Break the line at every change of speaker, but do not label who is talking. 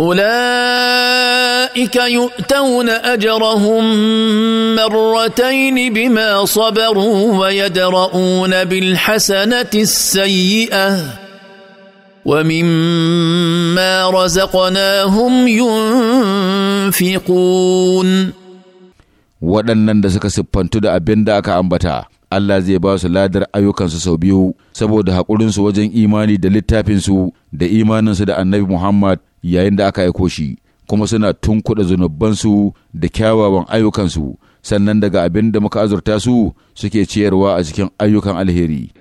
أولئك يؤتون أجرهم مرتين بما صبروا ويدرؤون بالحسنة السيئة ومما رزقناهم ينفقون ودنن
da suka siffantu da abin Allah zai ba su ladar ayyukansu sau biyu saboda haƙurinsu wajen imani da littafinsu da imaninsu da annabi Muhammad yayin da aka aiko shi, kuma suna tunkuɗa zunubansu da kyawawan ayyukansu, sannan daga abin da muka azurta su suke ciyarwa a cikin ayyukan alheri.